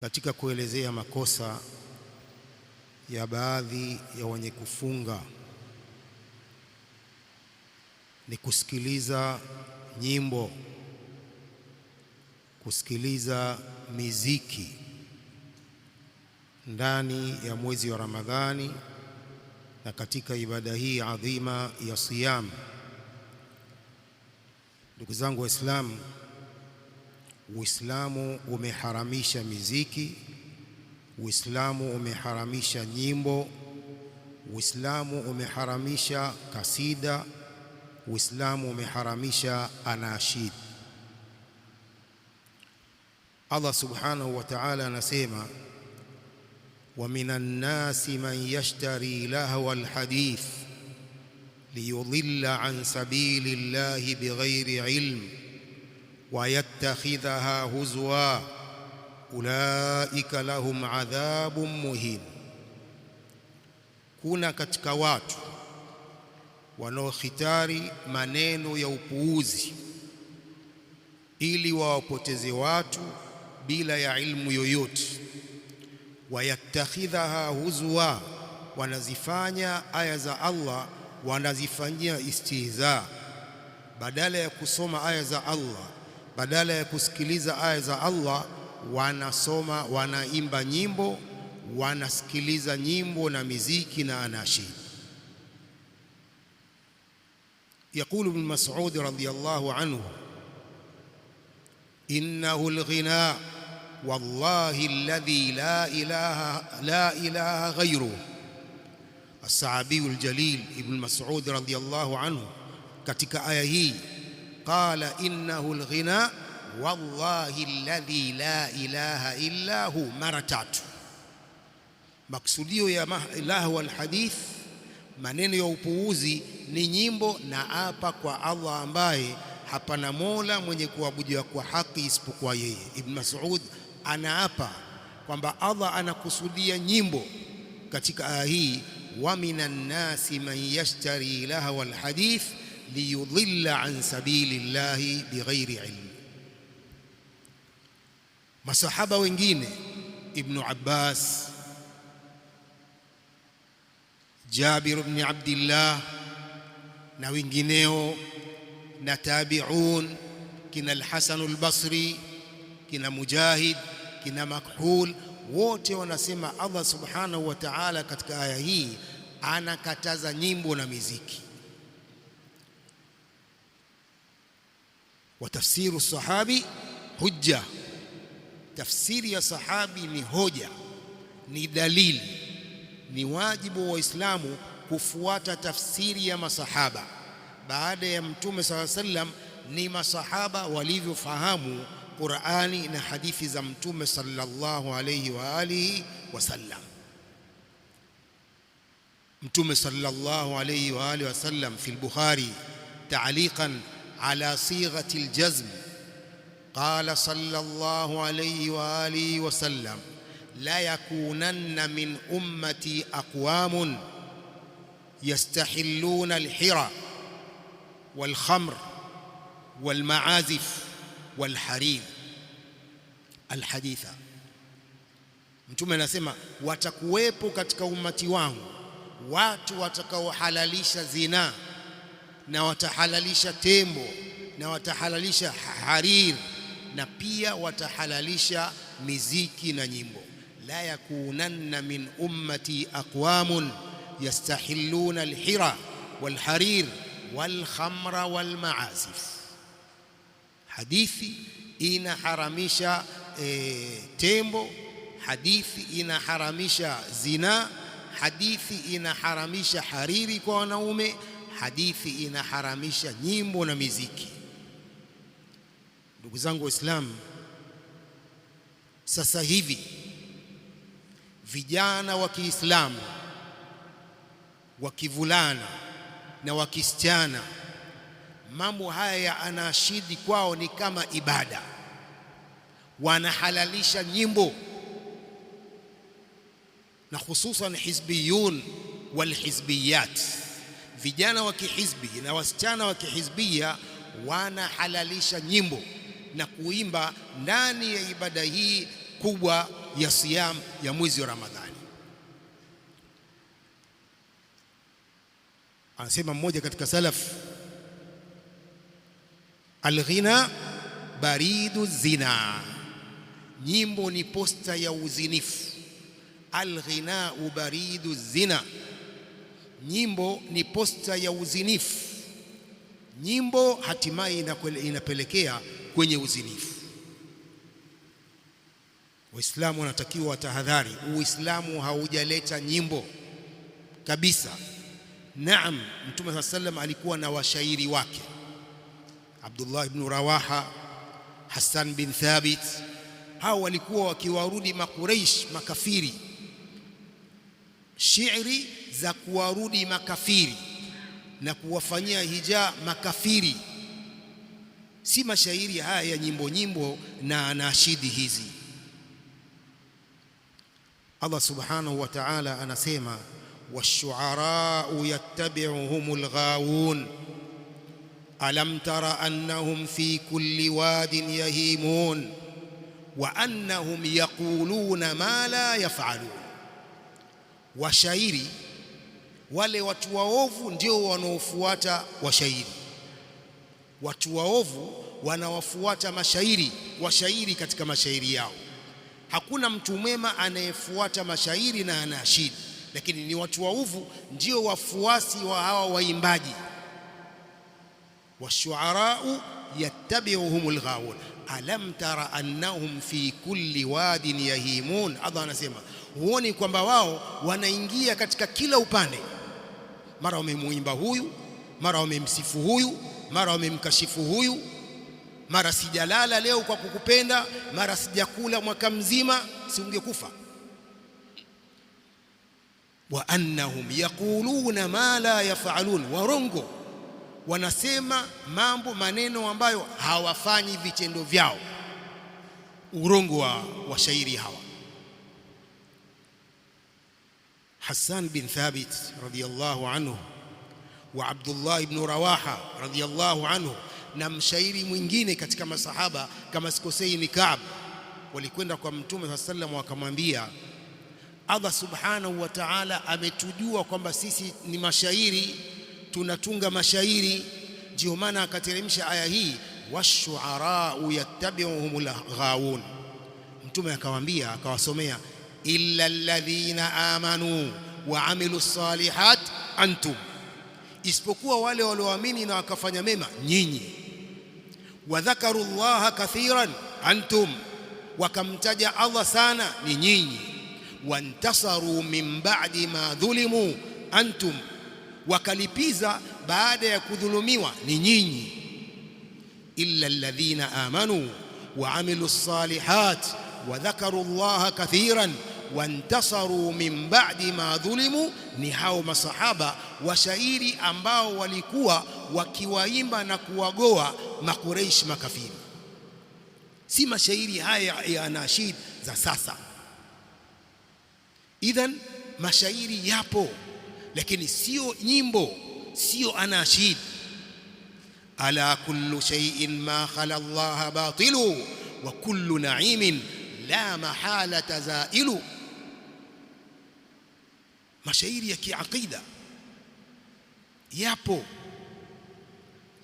Katika kuelezea makosa ya baadhi ya wenye kufunga ni kusikiliza nyimbo, kusikiliza miziki ndani ya mwezi wa Ramadhani na katika ibada hii adhima ya siyam. Ndugu zangu Waislamu Uislamu umeharamisha miziki, Uislamu umeharamisha nyimbo, Uislamu umeharamisha kasida, Uislamu umeharamisha anashid. Allah subhanahu wa ta'ala anasema wa minan nasi man yashtari lahwa alhadith liyudilla an sabilillahi bighayri ilm wayattakhidhaha huzwa ulaika lahum adhabun muhin, kuna katika watu wanaokhitari maneno ya upuuzi ili wawapoteze watu bila ya ilmu yoyote. Wayattakhidhaha huzwa, wanazifanya aya za Allah wanazifanyia istihza, badala ya kusoma aya za Allah badala ya kusikiliza aya za Allah wanasoma, wanaimba nyimbo, wanasikiliza nyimbo na miziki na anashidi. Yaqulu Ibn Mas'ud radhiyallahu anhu, innahu alghina wallahi alladhi la ilaha, la ilaha ghayruhu. As-sahabiyu aljalil Ibn Mas'ud radhiyallahu anhu katika aya hii qala innahu alghina wallahi alladhi la ilaha illa hu, mara tatu. Maksudio ya lahwa alhadith, maneno ya upuuzi ni nyimbo, na apa kwa Allah ambaye hapana mola mwenye kuabudiwa kwa haki isipokuwa yeye. Ibn Mas'ud anaapa kwamba Allah anakusudia nyimbo katika aya hii, wa minan nasi man yashtari lahwa alhadith liyudilla an sabili llahi bighairi ilmi. Masahaba wengine Ibnu Abbas, Jabir bni Abdillah na wengineo na tabiun kina Alhasan Albasri kina Mujahid kina Makhul wote wanasema Allah subhanahu wa ta'ala katika aya hii anakataza nyimbo na miziki. وتفسير الصحابي حجة tafsiri ya sahabi ni hoja ni dalili ni wajibu wa waislamu kufuata tafsiri ya masahaba baada ya mtume sala sallam ni masahaba walivyofahamu Qur'ani na hadithi za mtume sallallahu alayhi wa alihi wasallam mtume sallallahu alayhi wa alihi wasallam fi al-bukhari ta'liqan على صيغه الجزم قال صلى الله عليه واله وسلم لا يكونن من امتي اقوام يستحلون الحرى والخمر والمعازف والحرير alhaditha mtume anasema watakuwepo katika umati wangu watu watakaohalalisha zinaa na watahalalisha tembo na watahalalisha harir na pia watahalalisha miziki na nyimbo. la yakunanna min ummati aqwamun yastahilluna alhira walharir walkhamra walmaazif. Hadithi inaharamisha e, tembo. Hadithi inaharamisha zina. Hadithi inaharamisha hariri kwa wanaume hadithi inaharamisha nyimbo na miziki. Ndugu zangu Waislamu, sasa hivi vijana wa Kiislamu wakivulana na wakisichana, mambo haya anaashidi kwao ni kama ibada, wanahalalisha nyimbo na hususan hizbiyun walhizbiyat vijana wa kihizbi na wasichana wa kihizbia wanahalalisha nyimbo na kuimba ndani ya ibada hii kubwa ya siyam ya mwezi wa Ramadhani. Anasema mmoja katika salaf, alghina baridu zina, nyimbo ni posta ya uzinifu. Alghinau baridu zina Nyimbo ni posta ya uzinifu. Nyimbo hatimaye inapelekea kwenye uzinifu. Waislamu wanatakiwa watahadhari. Uislamu haujaleta nyimbo kabisa. Naam, Mtume saa sallam alikuwa na washairi wake Abdullah ibn Rawaha, Hassan bin Thabit, hao walikuwa wakiwarudi Makuraish makafiri Shairi za kuwarudi makafiri na kuwafanyia hija makafiri, si mashairi haya ya nyimbo nyimbo na nashidi hizi. Allah subhanahu wa ta'ala anasema, washuarau yattabi'uhumul ghawun alam tara annahum fi kulli wadin yahimun wa annahum yaquluna ma la yaf'alun washairi wale watu waovu ndio wanaofuata washairi. Watu waovu wanawafuata mashairi, washairi katika mashairi yao. Hakuna mtu mwema anayefuata mashairi na anashidi lakini ni watu waovu ndio wafuasi wa hawa waimbaji. washuarau yattabiuhumul ghawun alam tara annahum fi kulli wadin yahimun. Allah anasema huoni kwamba wao wanaingia katika kila upande, mara wamemuimba huyu, mara wamemsifu huyu, mara wamemkashifu huyu, mara sijalala leo kwa kukupenda, mara sijakula mwaka mzima, si ungekufa? Wa annahum yaquluna ma la yafalun, warongo wanasema mambo maneno ambayo hawafanyi vitendo vyao. Urongo wa washairi hawa Hassan bin Thabit radhiyallahu anhu wa Abdullah ibn Rawaha radhiyallahu anhu na mshairi mwingine katika masahaba kama sikosei ni Kaab, walikwenda kwa Mtume saa sallam wakamwambia, Allah subhanahu wa ta'ala ametujua kwamba sisi ni mashairi, tunatunga mashairi, ndio maana akateremsha aya hii, washuarau yattabiuhumul ghaawun Mtume akawaambia, akawasomea illa alladhina amanu wa amilu salihat antum, isipokuwa wale walioamini na wakafanya mema nyinyi. Wadhakaru llaha kathiran antum, wakamtaja Allah sana ni nyinyi. Wantasaru min ba'di ma dhulimu antum, wakalipiza baada ya kudhulumiwa ni nyinyi. Illa alladhina amanu wa amilu salihat wa dhakaru llaha kathiran wantasaru min ba'di ma dhulimu, ni hao masahaba washairi ambao walikuwa wakiwaimba na kuwagoa makureishi makafiri. Si mashairi haya ya nashid za sasa. Idhan mashairi yapo, lakini sio nyimbo, sio anashid. ala kullu shay'in ma khala Allah batilu wa kullu na'imin la mahala tazailu mashairi ya kiaqida yapo,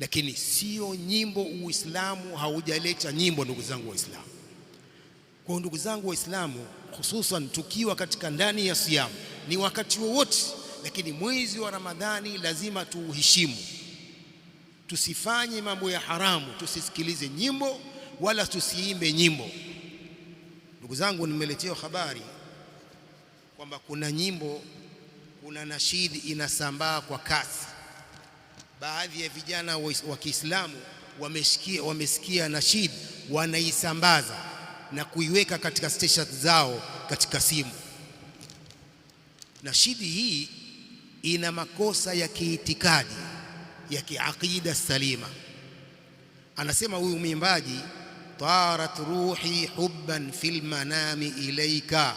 lakini sio nyimbo. Uislamu haujaleta nyimbo, ndugu zangu Waislamu. Kwa ndugu zangu Waislamu, hususan tukiwa katika ndani ya siamu, ni wakati wowote lakini mwezi wa Ramadhani lazima tuuheshimu, tusifanye mambo ya haramu, tusisikilize nyimbo wala tusiimbe nyimbo. Ndugu zangu, nimeletea habari kwamba kuna nyimbo kuna nashidi inasambaa kwa kasi. Baadhi ya vijana wa Kiislamu wamesikia, wamesikia nashidi wanaisambaza na kuiweka katika station zao katika simu. Nashidi hii ina makosa ya kiitikadi ya kiaqida salima. Anasema huyu mwimbaji, tarat ruhi hubban fil manami ilaika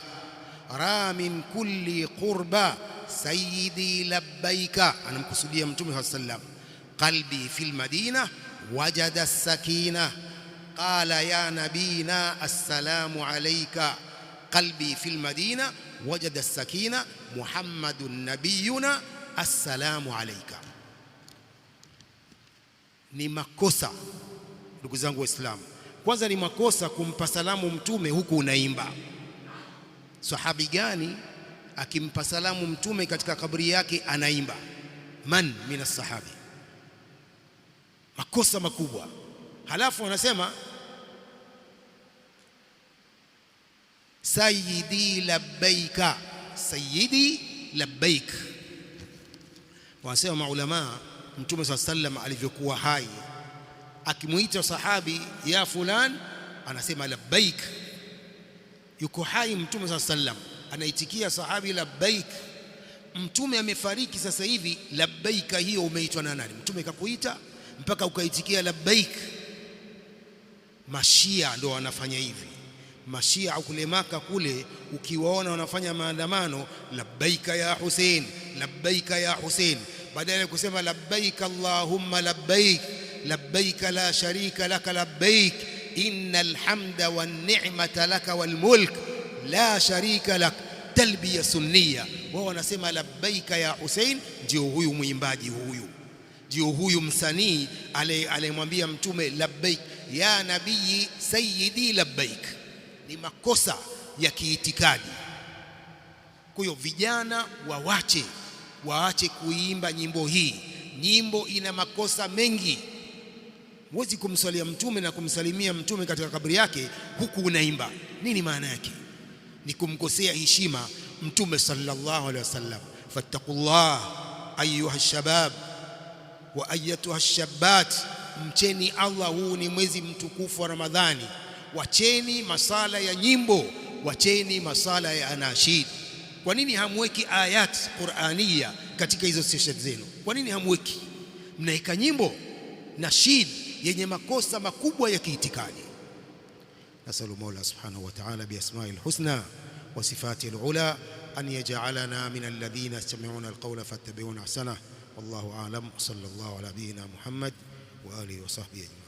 ramin kulli qurba sayyidi labbaika, anamkusudia Mtume sallallahu alayhi Qalbi fil madina wajada sakina qala ya nabina assalamu alayka. Qalbi fil madina wajada sakina muhammadun nabiyuna assalamu alayka. Ni makosa ndugu zangu Waislamu, kwanza ni makosa kumpa salamu mtume huku unaimba. Sahabi gani akimpa salamu mtume katika kaburi yake anaimba man minas sahabi, makosa makubwa. Halafu anasema sayyidi labbaika, sayyidi labbaik. Wanasema maulamaa mtume saa sallam alivyokuwa hai akimwita sahabi ya fulan anasema labbaik, yuko hai mtume saa sallam anaitikia sahabi labbaik, mtume amefariki sasa hivi. Labbaika hiyo umeitwa na nani? Mtume kakuita mpaka ukaitikia labbaik? Mashia ndo wanafanya hivi. Mashia kule Maka kule, ukiwaona wanafanya maandamano, labbaika ya Hussein, labbaika ya Hussein, badala ya kusema labbaika allahumma labbaik, labbaika la sharika laka labbaik, innal hamda wan ni'mata laka wal mulk la sharika lak talbiya sunniya. Wao wanasema labbaika ya Hussein, ndio huyu mwimbaji huyu, ndio huyu msanii aliyemwambia Mtume labbaik ya nabii sayyidi labbaik. Ni makosa ya kiitikadi. Kwa hiyo vijana wawache, waache kuimba nyimbo hii. Nyimbo ina makosa mengi. Huwezi kumswalia Mtume na kumsalimia Mtume katika kaburi yake huku unaimba. Nini maana yake? ni kumkosea heshima mtume sallallahu alaihi wasallam. Fattaqullah ayuha shabab wa ayatuha shabbat mcheni Allah. Huu ni mwezi mtukufu wa Ramadhani, wacheni masala ya nyimbo, wacheni masala ya anashid. Kwa nini hamweki ayat Qur'aniya katika hizo session zenu? Kwa nini hamweki? Mnaweka nyimbo nashid yenye makosa makubwa ya kiitikadi. نسأل مولى سبحانه وتعالى بأسماء الحسنى وصفات العلى أن يجعلنا من الذين يستمعون القول فاتبعون أحسنه والله أعلم صلى الله على نبينا محمد وآله وصحبه أجمعين